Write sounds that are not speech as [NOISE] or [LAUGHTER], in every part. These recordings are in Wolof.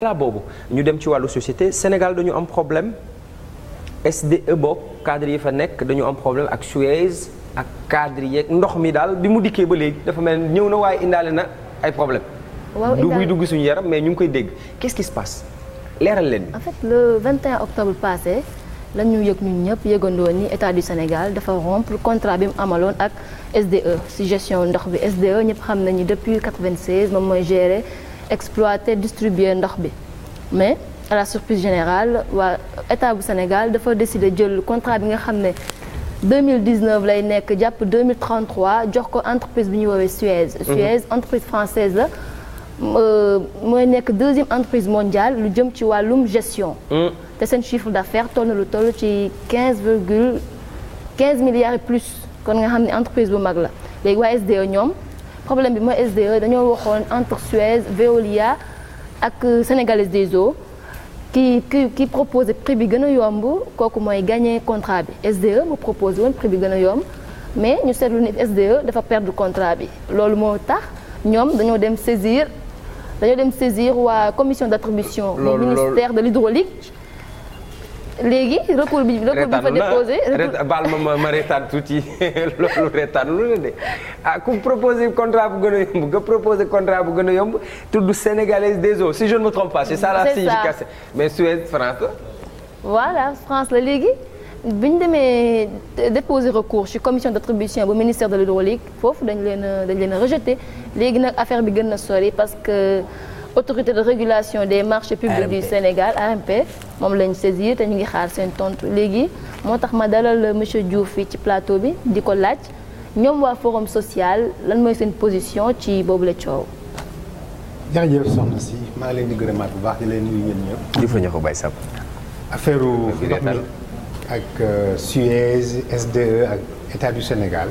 la boobu ñu dem ci wàllu société Sénégal dañu am problème SDE boobu cadre yi fa nekk dañu am problème ak Suez ak cadre yeeg ndox mi daal bi mu dikkee ba léegi dafa mel ni ñëw na waaye indaale na ay problème du dugg suñu yaram mais ñu ngi koy dégg qu'est-ce qui se passe leeral leen en fait le 21 octobre passé lan ñu yëg ñu ñëpp yëgandoo ni état du Sénégal dafa rompre contrat bi mu amaloon ak SDE si gestion ndox bi SDE ñëpp xam nañu depuis 96 moom mooy gérer exploiter distribuer ndox bi mais à la surprise générale waa état bu Sénégal dafa décider jël contrat bi nga xam ne 2019 lay nekk jàpp 2033 jox ko entreprise bi ñuy woowee Suez. Mhm. Suez entreprise française la euh, mooy nekk deuxième entreprise mondiale lu jëm ci wàllum gestion. Mhm. te seen chiffre d'affaires toll na lu toll ci 15 virgule 15 milliards et plus kon nga xam ne entreprise bu mag la léegi waa SDE ñoom. problème bi mooy SDE dañoo waxoon entre Suez Veolia ak euh, Sénégalaise des eaux ki ki ki proposé prix bi gën a yomb kooku mooy gagné contrat bi SDE mu proposé woon prix bi gën a yomb mais ñu seetlu ni SDE dafa perdre contrat bi loolu moo tax ñoom dañoo dem saisir dañoo dem saisir waa commission d' attribution. du ministère de l'hydraulique léegi recours bi recours bi fa déposé. baal ma ma ma retaan tuuti [LAUGHS] loolu retaan lu ne de ah ku proposé contrat bu gën a yomb nga proposé contrat bu gën a yomb tudd sénégalaise des eaux si je ne me trompe pas. c'est ça la signification mais Suède France la. voilà France la léegi bi ñu demee déposer recours ci commission d'attribution bu ministère de l'hydraulique foofu dañ leen a dañ leen a rejeté léegi nag affaire bi gën na sori parce que. autorité de régulation des marché publics du Sénégal AMP moom lañ saisir te ñu ngi xaar seen tontu léegi moo tax ma dalal monsieur Diouf fii ci plateau bi di ko laaj ñoom waa forum social lan mooy seen position ci boobu la coow. jërëjëf soxna si maa ngi leen di gërëmaat bu baax di leen nuyu ñun ñëpp. jëf nañu ko bay Samb. affaire ndox mi ak euh, Suez SDE ak état du Sénégal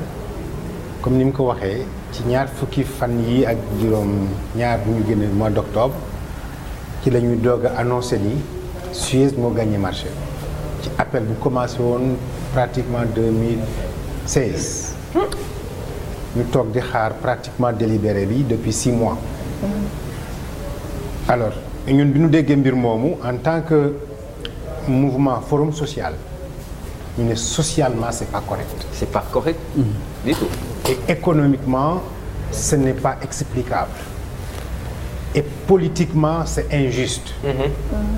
comme ni mu ko waxee. ci ñaar fukki fan yi ak juróom ñaar bu ñu génne mois d' octobre ci la ñu doog a annoncé ni Suez moo gagné marché ci appel bu commencé woon pratiquement 2016 ñu toog di xaar pratiquement délibéré bi depuis six mois alors ñun bi ñu déggee mbir moomu en tant que mouvement forum social ñu ne socialement c' pas correct. c' pas correct. Et économiquement, ce n'est pas explicable. Et politiquement, c'est injuste. Mm-hmm.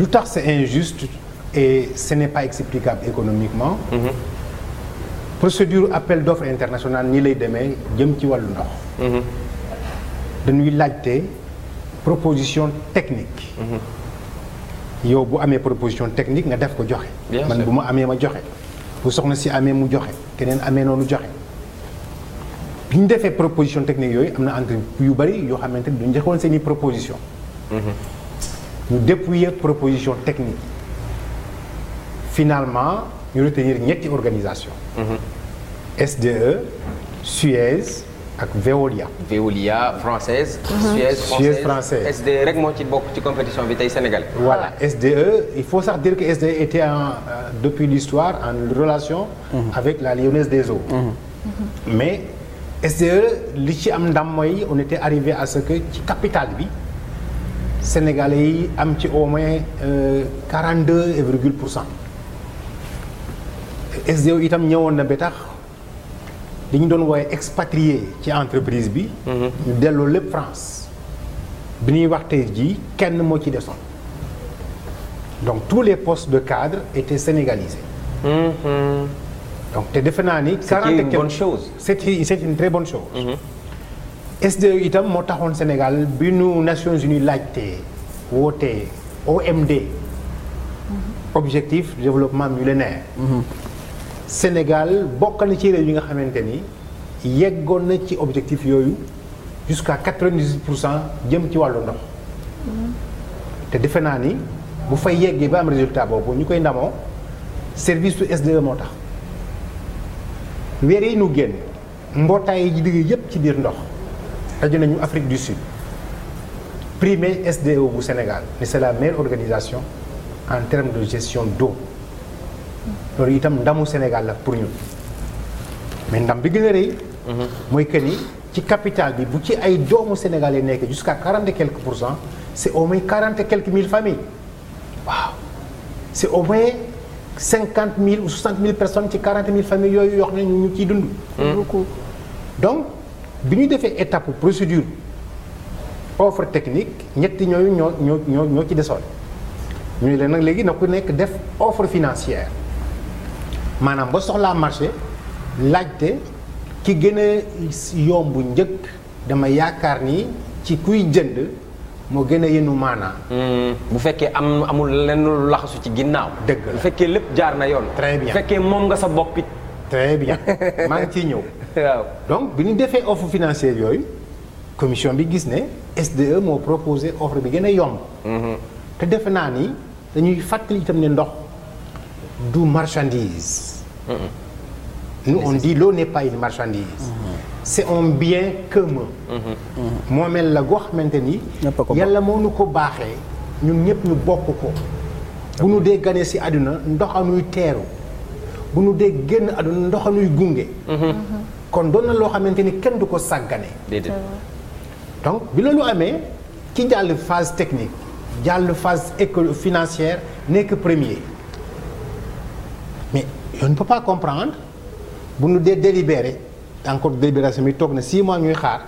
Lu tax c'est injuste et ce n'est pas explicable économiquement. Mm-hmm. procédure appel d'offres internationale nii lay demee jëm ci wàllu ndox. Mm-hmm. dañuy laajte proposition technique. yow bu amee proposition technique nga def ko joxe. man bu ma amee ma joxe bu soxna si amee mu joxe. keneen amee noonu joxe bi ñu defee proposition technique yooyu am na entreprise yu bëri yoo xamante ni duñu joxoon seen i proposition mhm. ñu dépouiller proposition technique finalement ñu retenir ñetti organisation mhm. SDE Suez ak Veolia. Veolia française. Mhm. Suez française SDE rek moo ci bokk ci compétition bi tey Sénégal. voilà ah. SDE il faut sa dire que SDE était en euh, depuis l'histoire en relation. Mhm. avec la Lyonnaise des Eaux. Mhm. mais SDE li ci am ndam mooy on était arrivé à ce que ci capital bi Sénégalais yi am ci au moins 42 euh, virgule pour cent SDE itam ñëwoon na ba tax. li ñu doon wooye expatrié ci entreprise bi. Mhm. ñu dellu lépp France. bi ñuy wax ji kenn moo ci desoon donc tous les postes de cadre étaient sénégalisés. Mmh. donc te defe naa ni. c'était une bonne chose c'était c'est une très bonne chose. Mmh. itam moo taxoon Sénégal bi nu Nations Unies laajte wootee OMD. Mmh. objectif développement millénaire. Mhm. Sénégal bokkal na ci réew yi nga xamante ni yeggoon na ci objectif yooyu jusqu'à 98 pour cent jëm ci wàllu ndox te defe naa ni bu fay yeggee ba am résultat boobu ñu koy ndamoo service su SDE moo tax weer yi nu génn mbootaay yi digg yëpp ci biir ndox daju nañu Afrique du Sud primé SDE bu Sénégal ni c'est la meilleure organisation en terme de gestion d'eau loolu itam ndamu Sénégal la pour ñun mais ndam bi gën a rëy. Mhm. mooy que ni ci capital bi bu ci ay doomu sénégalais nekk jusqu'à quarante et quelques pour cent c'est au moins quarante et quelques mille familles waaw c'est au moins cinquante mille ou soixante mille personnes ci quarante mille familles yooyu yoo xam ne ñu ciy dund. Mhm. donc bi ñu defee étape procédure offre technique ñetti ñooyu ñoo ñoo ñoo ñoo ci desoon ñu ne leen nag léegi nag ku nekk def offre financière. maanaam ba soxlaa marché laajte ki gën a yomb njëkk dama yaakaar ni ci kuy jënd moo gën a yenu maanaa. Hmm. bu fekkee am amul lenn lu laxasu ci ginnaaw. dëgg la bu fekkee lépp jaar na yoon. très bien bu moom nga sa bopp it. très bien [LAUGHS] maa ciy ñëw. waaw donc bi ñu defee offre financière yooyu commission bi gis ne SDE moo proposé offre bi gën a yomb. Hmm. te defe naa ni dañuy fàttali itam ne ndox. du marchandise. Mmh. Nous, on dit l'eau n'est pas marchandise. c'est un bien commun. moomeel la goo xamante ni. yàlla moo nu ko baaxee ñun ñëpp ñu bokk ko. bu nu dee ganee si àdduna ndox anuy teeru bu nu dee génn àdduna ndox anuy gunge. kon doon na loo xamante ni kenn du ko sàggane. donc bi loolu amee ki jàll phase technique jàll phase éco financière nekk premier. on ne comprendre bu ñu dee délibéré encore délibération bi toog na 6 mois ñuy xaar.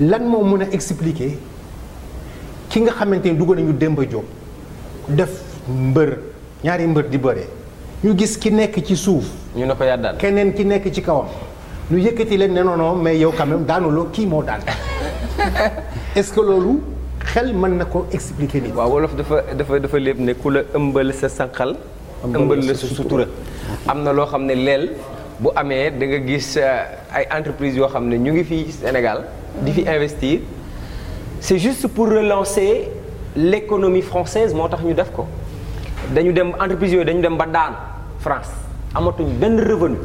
lan moo mën a expliquer ki nga xamante ni dugg nañu Demba Diop def mbër ñaari mbër di bëre ñu gis ki nekk ci suuf. ñu ne ko yaa keneen ki nekk ci kawam. ñu yëkkati leen ne non non mais yow quand daanuloo kii moo daan [LAUGHS] est-ce que loolu xel mën na ko expliquer nii. waaw wolof dafa dafa dafa lépp ne ku la ëmbal sa sànqal. ëmbal la sa sutura am na loo xam ne leel bu amee da nga gis euh, ay entreprises yoo xam ne ñu ngi fii Sénégal di fi investir c'est juste pour relancer l'économie française moo tax ñu def ko dañu dem entreprise yooyu dañu dem ba daan France amatuñ benn revenu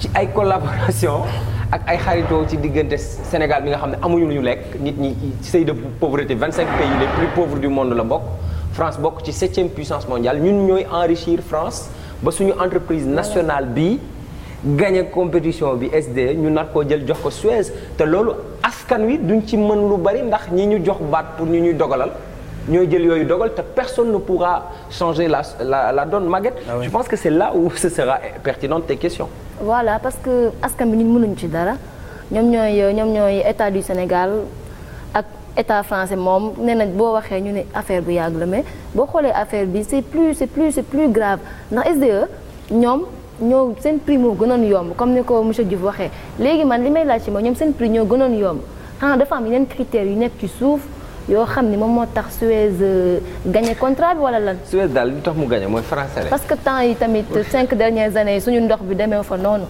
ci ay collaboration ak ay xaritoo ci diggante Sénégal bi nga xam ne amuñu lu ñu lekk nit ñi seuil de pauvreté vingt cinq pays les plus pauvres du monde la bokk France bokk ci septième puissance mondiale ñun ñooy enrichir France ba suñu entreprise nationale bi gagné compétition bi SDE ñu nar koo jël jox ko Suez te loolu askan wi duñ ci mën lu bari ndax ñi ñu jox baat pour ñu ñuy dogalal ñooy jël yooyu dogal te personne ne pourra changer la la la donne Maguette. Ah oui. je pense que c'est là où [LAUGHS] ce sera pertinent tes questions. voilà parce que askan bi ñun mënuñ ci dara ñoom ñooy état du Sénégal. état français moom nee nañ boo waxee ñu ne affaire bu yàgg la mais boo xoolee affaire bi c'est plus c'est plus c'est plus grave ndax SDE ñoom ñoo seen prix moo gënoon yomb comme ni ko monsieur Diouf waxee léegi man li may laaj ci mooy ñoom seen prix ñoo gënoon yomb xanaa dafa am yeneen critères yu nekk ci suuf yoo xam ni moom moo tax Suez euh, gagné contrat bi wala lan. Suez daal li tax mu gagné mooy français parce que temps yi tamit cinq dernières années suñu ndox bi demee fa noonu.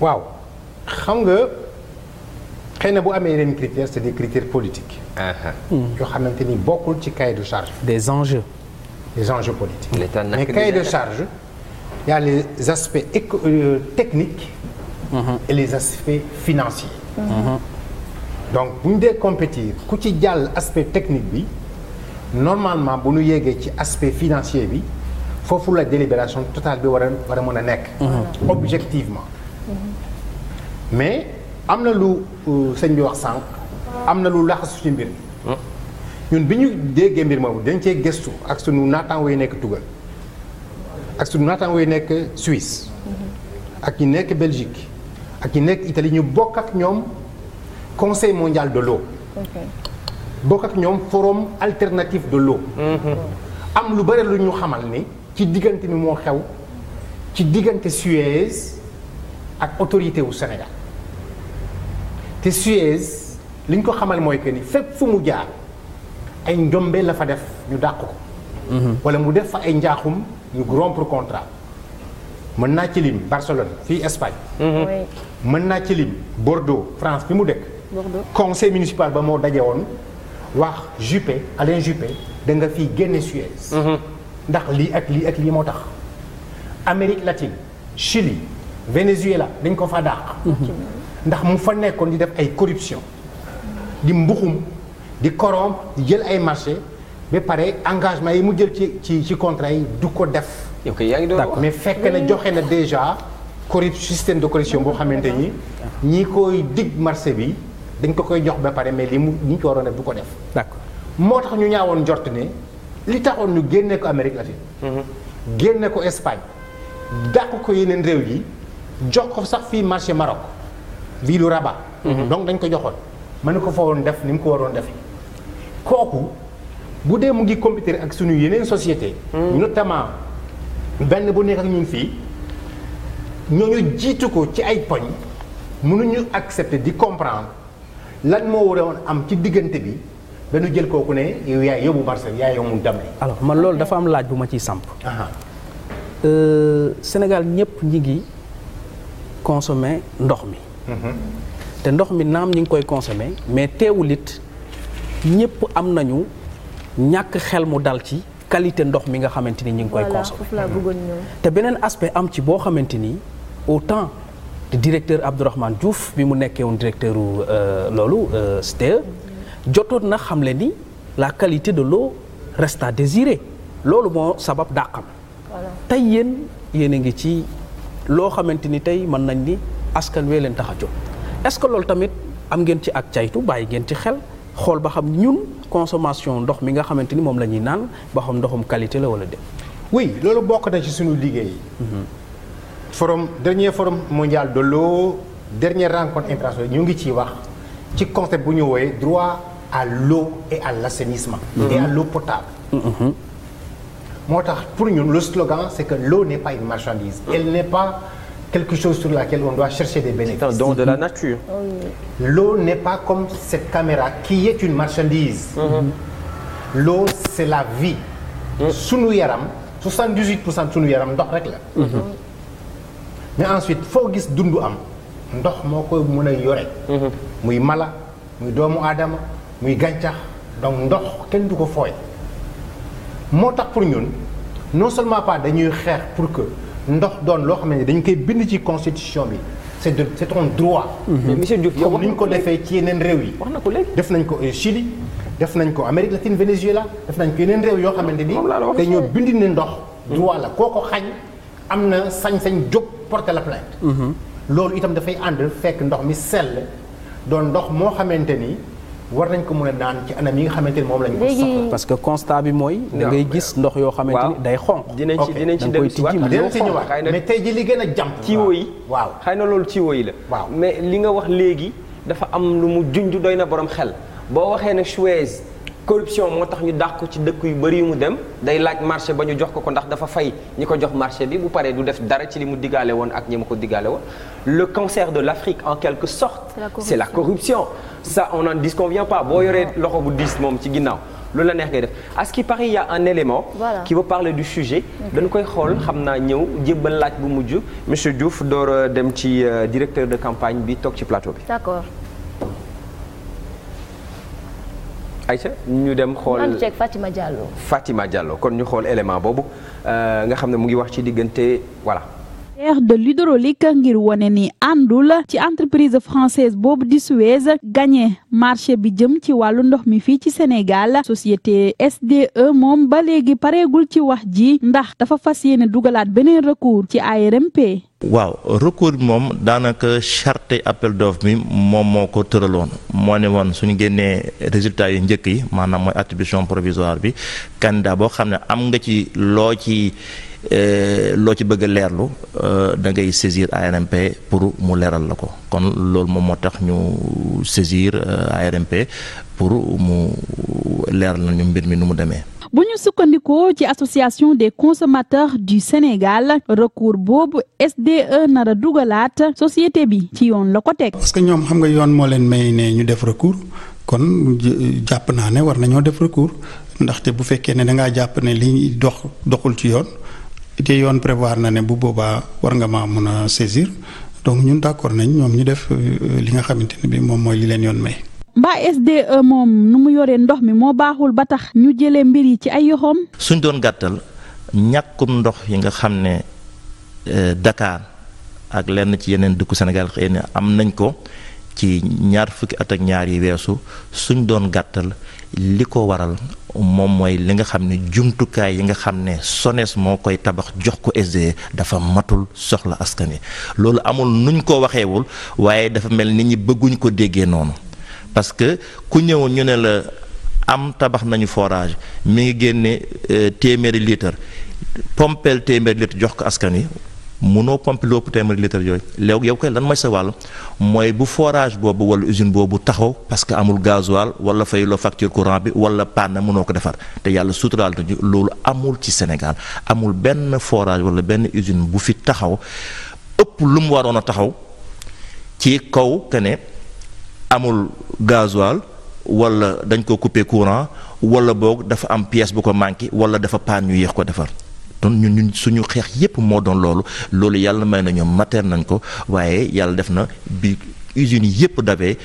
waaw xëy na bu amee yeneen critères c'est des critères politiques. Hmm. yoo xamante ni bokkul ci cahier de charge. des enjeux. des enjeux politiques. mais cahier de charge il y a les aspects éco euh, hmm. et les aspects financiers. Hmm. donc bu ñu dee compétir ku ci jàll aspect technique bi normalement bu ñu yeggee ci aspect financier bi foofu la délibération totale bi war a mën a nekk. objectivement am na lu euh, sëñ bi wax sànq am na lu laxasu ci mbir mi ah. ñun bi ñu déggee mbir moomu dañ cee gëstu ak sunu naataango yi nekk Tugal ak sunu naataango yi nekk Suisse ak ñi nekk Belgique ak ñi nekk Italie ñu bokk ak ñoom conseil mondial de l'eau bokk ak ñoom forum alternatif de l'eau mhm. am lu bëri lu ñu xamal ni ci diggante bi moo xew ci diggante Suez ak autorité wu Sénégal te Suez li ñu ko xamal mooy que ni fépp fu mu jaar ay njombe la fa def ñu dàq ko. Mhm. wala mu def fa ay njaaxum ñu rompre contrat. mën naa ci lim Barcelone fii Espagne. Mhm. mën naa ci lim Bordeaux France bi mu dëkk. conseil municipal ba moo daje woon wax Juppé Alain Juppé da nga fii génne Suez. Mhm. ndax lii ak lii ak lii moo tax. Amérique latine Chili Venezuela dañ ko fa dàq. ndax mu fa nekkoon di def ay corruption di mbuxum di corrompre di jël ay marché ba pare engagement yi mu jël ci ci ci contrat yi du ko def. mais fekk na joxe na déjà corruption système de corruption boo xamante ni ñi koy dig marché bi dañ ko koy jox ba pare mais li mu ñi ko def du ko def. moo tax ñu ñaawoon njort ne li taxoon ñu génne ko Amérique latine. Mhm. génne ko Espagne dàq ko yeneen réew yi jox ko sax fii marché Maroc. ville raba mhm. don dañ ko joxoon ma mën ko fa woon def ni mu ko waroon defee kooku bu dee mu ngi compétir ak suñu yeneen société mhm. notamment benn bu nekk ak ñun fii ñoo ñooñu jiitu ko ci ay poñ mënuñu accepter di comprendre lan moo war woon am ci diggante bi ba ñu jël kooku ne yow yaay yóbbu Marseille yaay yow mu dem alors man loolu dafa am laaj bu ma ciy samp. Euh, Sénégal ñëpp ñi ngi consommer ndox mi. te ndox mi naam ñi ngi koy consommer mais teewul it ñëpp am nañu ñàkk xel mu dal ci qualité ndox mi nga xamante ni ñi ngi koy consommer mm-hmm. te beneen aspect am ci boo xamante ni au temps de directeur Abdourahmane Diouf bi mu nekkee woon directeur euh, loolu STE euh, jotoon na xamle ni la qualité de l'eau reste à loolu moo sabab dàqam tey yéen yéen a ngi ci loo xamante ni tey mën nañ ni askan wee leen tax a jóg est-ce que loolu tamit am ngeen ci ak caytu bàyyi ngeen ci xel xool ba xam ñun consommation ndox mi nga xamante ni moom la ñuy naan ba xam ndoxum qualité la wala de oui loolu bokk na ci suñu liggéey. Mhm. forum dernier forum mondial de l'eau dernière rencontre internationale ñu ngi ciy wax ci concept bu ñu wooyee droit à l'eau et à l'assainissement. Mhm. et à l'eau potable. Mhm. moo tax pour ñun lu slogan c'est que loo n'est une marchandise. elle n'est quelque chose sur laquelle on doit chercher des bénéfices. C'est un don de la nature. L'eau n'est pas comme cette caméra qui est une marchandise. Mmh. c'est la vie. Mhm. sunu yaram 78 pour cent yaram ndox rek la. Mhm. mais ensuite foo gis dundu am ndox moo koy mën a yore. muy mala muy doomu aadama muy gàncax donc ndox kenn du ko fooy. moo tax pour ñun non seulement pas dañuy xeex pour que. ndox doon loo xam ne dañ koy bind ci constitution bi c'est de c'est un droit. Mhm. mais monsieur Diouf yow ni ñu ko defee ci yeneen réew yi. wax na ko léegi def nañ ko euh, Chili def nañ ko Amérique latine Venezuela def nañ ko yeneen réew yoo xamante ni dañoo bindi ne ndox. droit la koo ko xañ am na sañ-sañ jóg porter la plainte. Mhm. loolu itam dafay ànd fekk ndox mi sell doon ndox moo xamante ni. war nañ ko mën a daan ci anam yi nga xamante ni moom lañ ko soxla parce que constat bi mooy da ngay gis ndox yoo xamante ni day xonq dinañ ci dinañ ci dellu si waat dinañ ci ñëwaat mais tey ji li gën a jàmp tiwo yi waaw xëy na loolu tiwo yi la waaw mais li nga wax léegi dafa am lu mu junj doy na borom xel boo waxee ne Suez corruption moo tax ñu dàq ko ci dëkk yu bëri yu mu dem day laaj marché ba ñu jox ko ko ndax dafa fay ñi ko jox marché bi bu paree du def dara ci li mu digaale woon ak ñi ma ko digaale woon le cancer de l'Afrique en quelque sorte c'est la corruption ça on n'en disconvient pas boo yoree loxo bu diis moom ci ginnaaw loolu la neex ngay def à ce qui y a un élément voilà. qui parler du sujet dañu koy xool xam naa ñëw jébbal laaj bu mujj monsieur Diouf door dem ci euh, directeur de campagne bi toog ci plateau bi d'accord ayca ñu dem xool mu ànd Fatima Diallo. Fatima Diallo kon ñu xool élément boobu euh, nga xam ne mu ngi wax ci diggante voilà. ministère de l'hydraulique ngir wane ni àndul ci entreprise française boobu di Suez gagné marché bi jëm ci wàllu ndox mi fii ci Sénégal société SDE moom ba léegi pareegul ci wax ji ndax dafa fas yéene dugalaat beneen recours ci ARMP. waaw recours moom daanaka charte appel d'offre bi moom moo ko tëraloon moo ne woon suñu génnee résultat yi njëkk yi maanaam mooy attribution provisoire bi candidat boo xam ne am nga ci loo ci. Eh, loo ci bëgg a leerlu eh, da ngay saisir ARMP pour mu leeral la ko kon loolu moom moo tax ñu saisir eh, ARMP pour mu leeral na ñu mbir mi nu mu demee. bu ñu sukkandikoo ci association des consommateurs du Sénégal recours boobu SDE nar a dugalaat société bi ci yoon la ko teg. parce que ñoom xam nga yoon moo leen may nee ñu def recours kon jàpp naa ne war nañoo def recours ndaxte bu fekkee ne da ngaa jàpp ne li dox doxul ci yoon. te yoon prévoir na ne bu boobaa war nga maa mun a saisir donc ñun d'accord nañ ñoom ñu def euh, li nga xamante bi moom mooy li leen yoon may. mbaa SDE moom nu mu yoree ndox mi moo baaxul ba tax ñu jëlee mbir yi ci ay yoxoom. suñ doon gàttal ñàkkum ndox yi nga xam ne euh, dakaar ak lenn ci yeneen dëkku Sénégal xëy na am nañ ko ci ñaar fukki at ak ñaar yi weesu suñ doon gàttal. li ko waral moom mooy li nga xam ne jumtukaay yi nga xam ne SONES moo koy tabax jox ko SDE dafa matul soxla askan wi loolu amul nuñ ko waxeewul waaye dafa mel nit ñi bëgguñ ko déggee noonu parce que ku ñëw ñu ne la am tabax nañu forage mi ngi génne euh, téeméeri litre pompeel téeméeri litre jox ko askan wi mënoo pompe loo téeméeri litre yooyu léegi yow koy lan mooy sa wàll mooy bu forage boobu wala usine boobu taxaw parce que amul gasoil wala fay loo facture bi wala panne mënoo ko defar te yàlla suturaal nañu loolu amul ci Sénégal amul benn forage wala benn usine bu fi taxaw ëpp lu mu waroon a taxaw ci kaw que ne amul gasoil wala dañ ko couper courant wala boog dafa am pièce bu ko manqué wala dafa paan ñu yéex ko defar donc ñun ñun suñu xeex yépp moo doon loolu loolu yàlla may nañu mater nañ ko waaye yàlla def na bi usines yi yépp dabee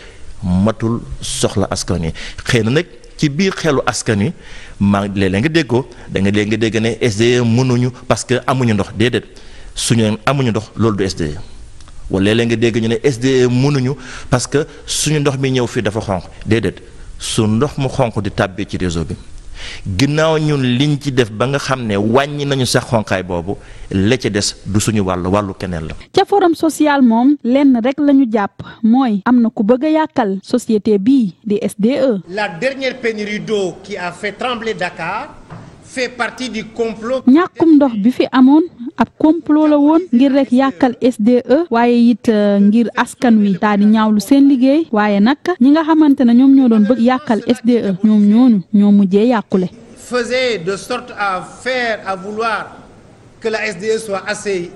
matul soxla askan yi xëy na nag ci biir xelu askan wi maa léeg-léeg nga dégg ko da nga léeg dégg ne SDE mënuñu parce que amuñu ndox déedéet suñu amuñu ndox loolu du SDE wala nga dégg ñu ne SDE mënuñu parce que suñu ndox mi ñëw fii dafa xonq déedéet su ndox mu xonq di tàbbee ci réseau bi ginnaaw ñun liñ ci def ba nga xam ne wàññi nañu sax xonqaay boobu la ca des du suñu wàllu wàllu keneen la. ca forum social moom lenn rek la ñu jàpp mooy am na ku bëgg a yàqal société bii di SDE. la dernière pénurie d'eau qui a fait trembler Dakar fait partie du complot. ñàkkum ndox bi fi amoon. ab complot la woon ngir rek yàkkal SDE waaye it euh, ngir askan wi daal di ñaawlu seen liggéey waaye nag ñi nga xamante ne ñoom ñoo doon bëgg yàkkal SDE ñoom ñooñu ñoo mujjee yàqule. faisait de sort à faire à vouloir que SDE soit assez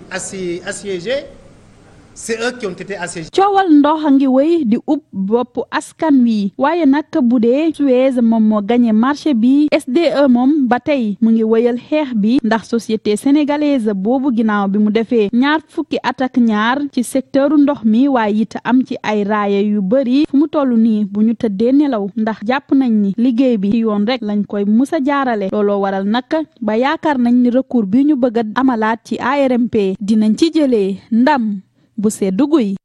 c'est eux qui ont été coowal ndox ngi wéy di ub bopp askan wi waaye nag bu dee Suez moom moo gagné marché bi SDE moom ba tey mu ngi wéyal xeex bi ndax société sénégalaise boobu ginaaw bi mu defee ñaar fukki atak ñaar ci secteuru ndox mi waaye it am ci ay raaya yu bëri fu mu toll nii bu ñu tëddee nelaw ndax jàpp nañ ni liggéey bi ci yoon rek lañ koy mus a jaarale looloo waral nag ba yaakaar nañ ni recours bi ñu bëgg a amalaat ci ARMP dinañ ci jëlee ndam. bu seddu guy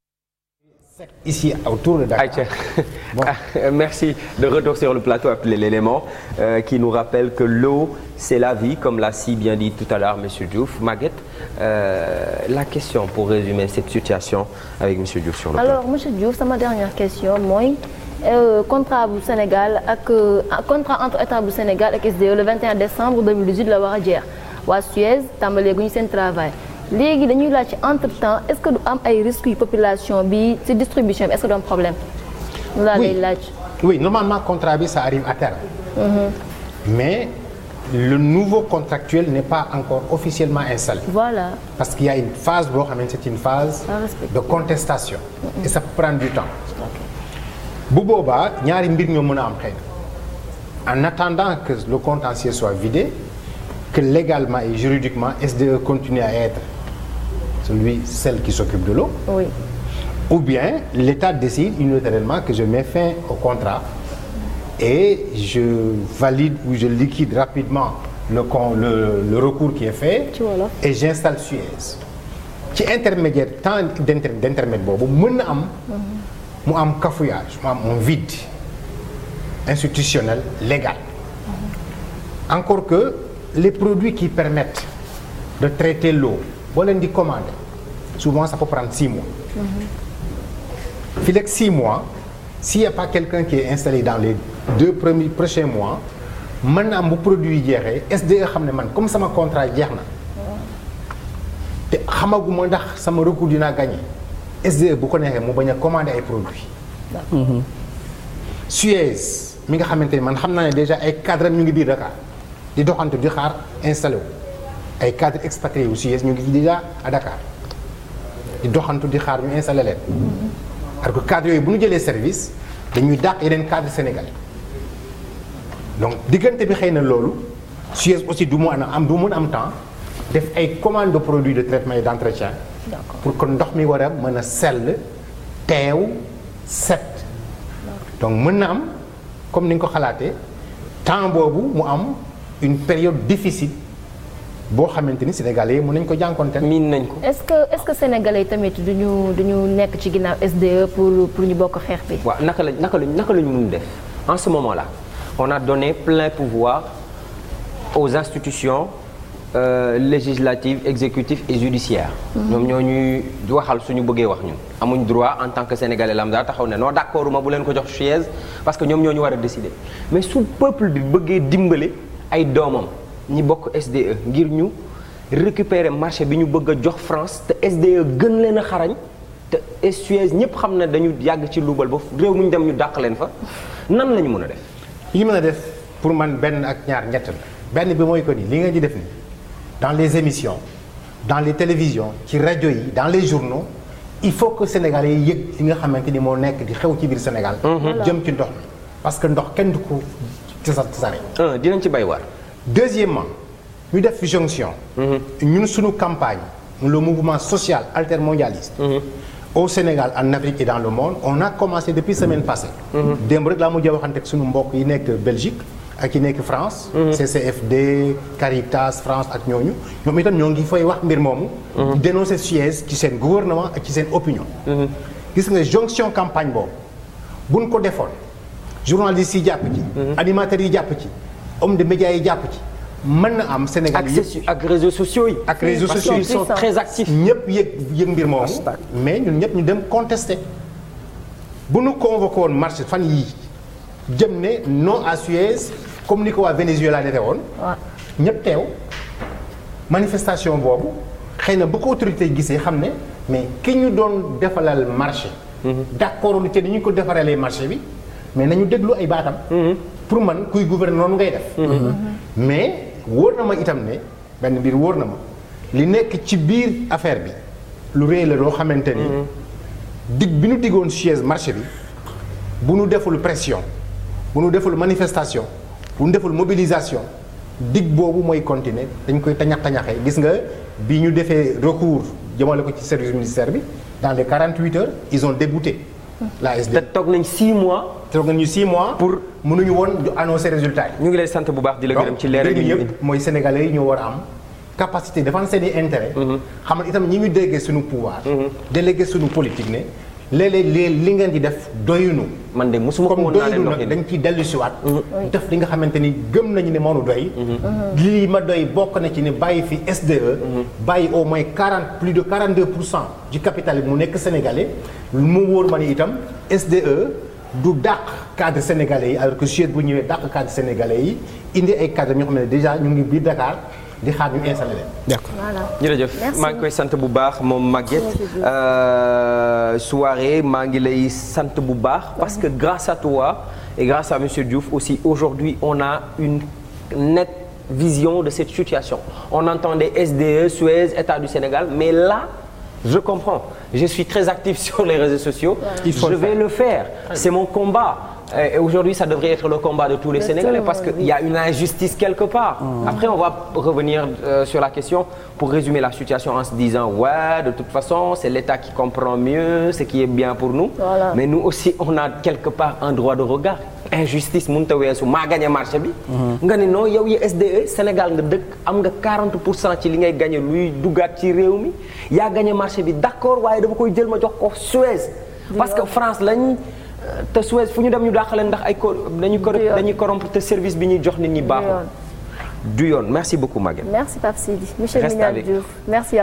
ici autour de Dakar. [LAUGHS] Bon. Ah, merci de retour sur le plateau appelé l'élément euh, qui nous rappelle que l'eau c'est la vie comme l'a si bien dit tout à l'heure monsieur Diouf. Maguette, euh, la question pour résumer cette situation avec monsieur Diouf sur le sama dernière question mooy euh, contrat bu Sénégal ak euh, contrat entre état bu Sénégal ak SDE le 21 décembre 2018 la war a jeex waa Suez tàmbaleeguñu travail. léegi dañuy laaj ci entre temps est-ce que du am ay risques yu population bi ci distribution bi est-ce que du am problème. laa lay laaj. oui normalement contrat bi ça arrive à terme. Mhm. mais le nouveau contractuel n'est pas encore officiellement installé. voilà parce qu'il y a une phase boo xam c'est une phase. de contestation. Mmh. et ça peut prendre du temps. bu boobaa ñaari mbir ñoo mën a am xëy na en attendant que le contentieux soit vidé que légalement et juridiquement SDE continue à être. celui, celle qui s'occupe de l'eau. Oui. Ou bien l'État décide unilatéralement que je mets fin au contrat et je valide ou je liquide rapidement le, con, le, le recours qui est fait et j'installe Suez. ci intermédiaire temps d'intermède boobu mën na am mhm. mu am mu am un vide institutionnel légal mhm. encore que les produits qui permettent de traiter l'eau boo leen di commander souvent ça peut prendre six mois. Mhm. fii leeg six mois s'il y a pas quelqu'un qui installé dans les deux premiers prochains mois mën na am bu produit yi jeexee SDE xam ne man comme sama contrat jeex na te xamaguma ndax sama recours dinaa gagné SDE bu ko neexee mu bañ a commandé ay produits. Mhm. Suez mi nga xamante ni man xam naa ne déjà ay cadres ñu ngi biir Dakar di doxantu di xaar installé ay cadres expatriés yu Suez ñu ngi fi déjà à Dakar di doxantu di xaar ñu installé leen. alors que cadres yooyu bu ñu jëlee service dañuy dàq yeneen cadre sénégal donc diggante bi xëy na loolu Suez aussi du mu am am du mun am temps def ay commande de produits de traitement et d' pour que ndox mi war a mën a sell teew set. donc mën na am comme ni nga ko xalaatee temps boobu mu am une période déficit. boo xamante ni sénégalais yi mën nañ ko jànkoonte miin nañ ko est-ce que est-ce que sénégalais yi tamit duñu duñu nekk ci ginnaaw SDE pour pour ñu bokk xeex bi waaw naka lañ naka lañ naka lañ mun def en ce moment là on a donné plein pouvoir aux institutions Euh, législative exécutif et judiciaire mm-hmm. ñoom ñoo ñuy waxal ñu bëggee wax ñun amuñ droit en tant que sénégalais lambda taxaw ne non d'accord ma bu leen ko jox chaise parce que ñoom ñoo ñu war a décider mais su peuple bi bëggee dimbale ay doomam ñi bokk SDE ngir ñu récupérer marché bi ñu bëgg a jox France te SDE gën leen a xarañ te Suez ñëpp xam ne dañu yàgg ci luubal ba réew mi ñu dem ñu dàq leen fa nan la ñu mën a def. li ñu mën a def pour man benn ak ñaar ñett la benn bi mooy ko nii li ngeen di def nii dans les émissions dans les télévisions ci rajo yi dans les journaux il faut que sénégal yi yëg li nga xamante ni moo nekk di xew ci biir Sénégal. Mhm. jëm ci ndox mi parce que ndox kenn du ko ci sa ci dinañ ci bay waar. deuxièmement ñu def fi jonction mm-hmm. ñun suñu campagne le mouvement social altermondialiste mm-hmm. au Sénégal en Afrique et dans le monde on a commencé depuis semaine passée mm-hmm. démb rek laa mujjee waxante ak suñu mbokk yi nekk Belgique ak yi nekk France CCFD Caritas France ak ñooñu ñoom itam ñoo ngi fay wax mbir moomu dénoncer siège ci seen gouvernement ak ci seen opinion gis nga jonction campagne boobu buñ ko defoon journalistes yi jàpp ci animateurs yi jàpp ci homme de médias yi jàpp ci mën na am Sénégal yëpp ak réseaux sociaux yi. ak réseaux sociaux yi sont très actifs. ñëpp yëg yëg mbir moomu mais ñun ñëpp ñu dem contester bu nu convoqué woon marché fan yii jëm ne non à Suez comme ni ko waa Venezuela defee woon. ñëpp teew manifestation boobu xëy na bu ko autorité gisee xam ne mais ki ñu doon defalal marché. Mhm. d' accord te ni ñu ko defaralee marché bi mais na nañu déglu ay baatam. Mhm. pour man kuy gouverner noonu ngay def. Mhm. Mhm. mais wóor na ma itam ne benn mbir wóor na ma li nekk ci biir affaire bi lu rëy la loo xamante ni. Mhm. dig bi ñu diggoon chaise marché bi bu ñu deful pression bu ñu deful manifestation bu ñu deful mobilisation dig boobu mooy continuer dañ koy tañax tañaxee gis nga bi ñu defee recours jëmale ko ci service ministère bi dans les 48 heures ils ont débouté la SDE. te toog nañ 6 mois. toog ñu si mois. pour mënuñu woon annoncer résultat yi. ñu ngi lay sant bu baax di la gërëm ci leeral yi yëpp mooy sénégalais yi ñoo war a am. capacité défendre seen i intérêt. Mm-hmm. xam nga itam ñi ñu déggee suñu pouvoir. Mm-hmm. délégué suñu politique ne. léeg-léeg li ngeen di def doyunu man de mosuma ko woon naa leen nag dañ ciy dellu si waat mm-hmm. def li nga xamante ni gëm nañu ne moonu doy li ma doy bokk na ci ne bàyyi fi SDE bàyyi au moins 40 plus de 42 pour cent ci capital bi mu nekk sénégalais mu wóor ma itam SDE du dàq cadre sénégalais yi alors que Suède bu ñëwee dàq cadre sénégalais yi indi ay cadre ñoo xam ne déjà ñu ngi biir Dakar di xaar ñu installé leen. d'accord jërëjëf maa ngi koy sant bu baax moom Maguette. Euh, soirée maa ngi lay sant bu baax. parce que grâce à toi et grâce à monsieur Diouf aussi aujourd'hui on a une nette vision de cette situation on entendait SDE Suez État du Sénégal mais là. je comprends. Je suis très actif [LAUGHS] sur les réseaux sociaux. Voilà. Il faut je le vais faire. le faire. C'est mon combat. Et aujourd'hui, ça devrait être le combat de tous les Exactement, Sénégalais parce qu'il oui. y a une injustice quelque part. Mmh. Après, on va revenir euh, sur la question pour résumer la situation en se disant Ouais, de toute façon, c'est l'État qui comprend mieux ce qui est bien pour nous. Voilà. Mais nous aussi, on a quelque part un droit de regard. injustice mënut a weesu maa gagné marché bi. nga ni non yow yi SDE Sénégal nga dëkk am nga pour cent ci li ngay gagné luy duggaat ci réew mi yaa gagné marché bi d'accord waaye dama koy jël ma jox ko Suez. parce que France lañ te Suez fu ñu dem ñu dàqaleen ndax ay co dañuy. dañuy corrompre te service bi ñuy jox nit ñi baaxul. du yoon merci beaucoup Maguette. merci Pape Sidi monsieur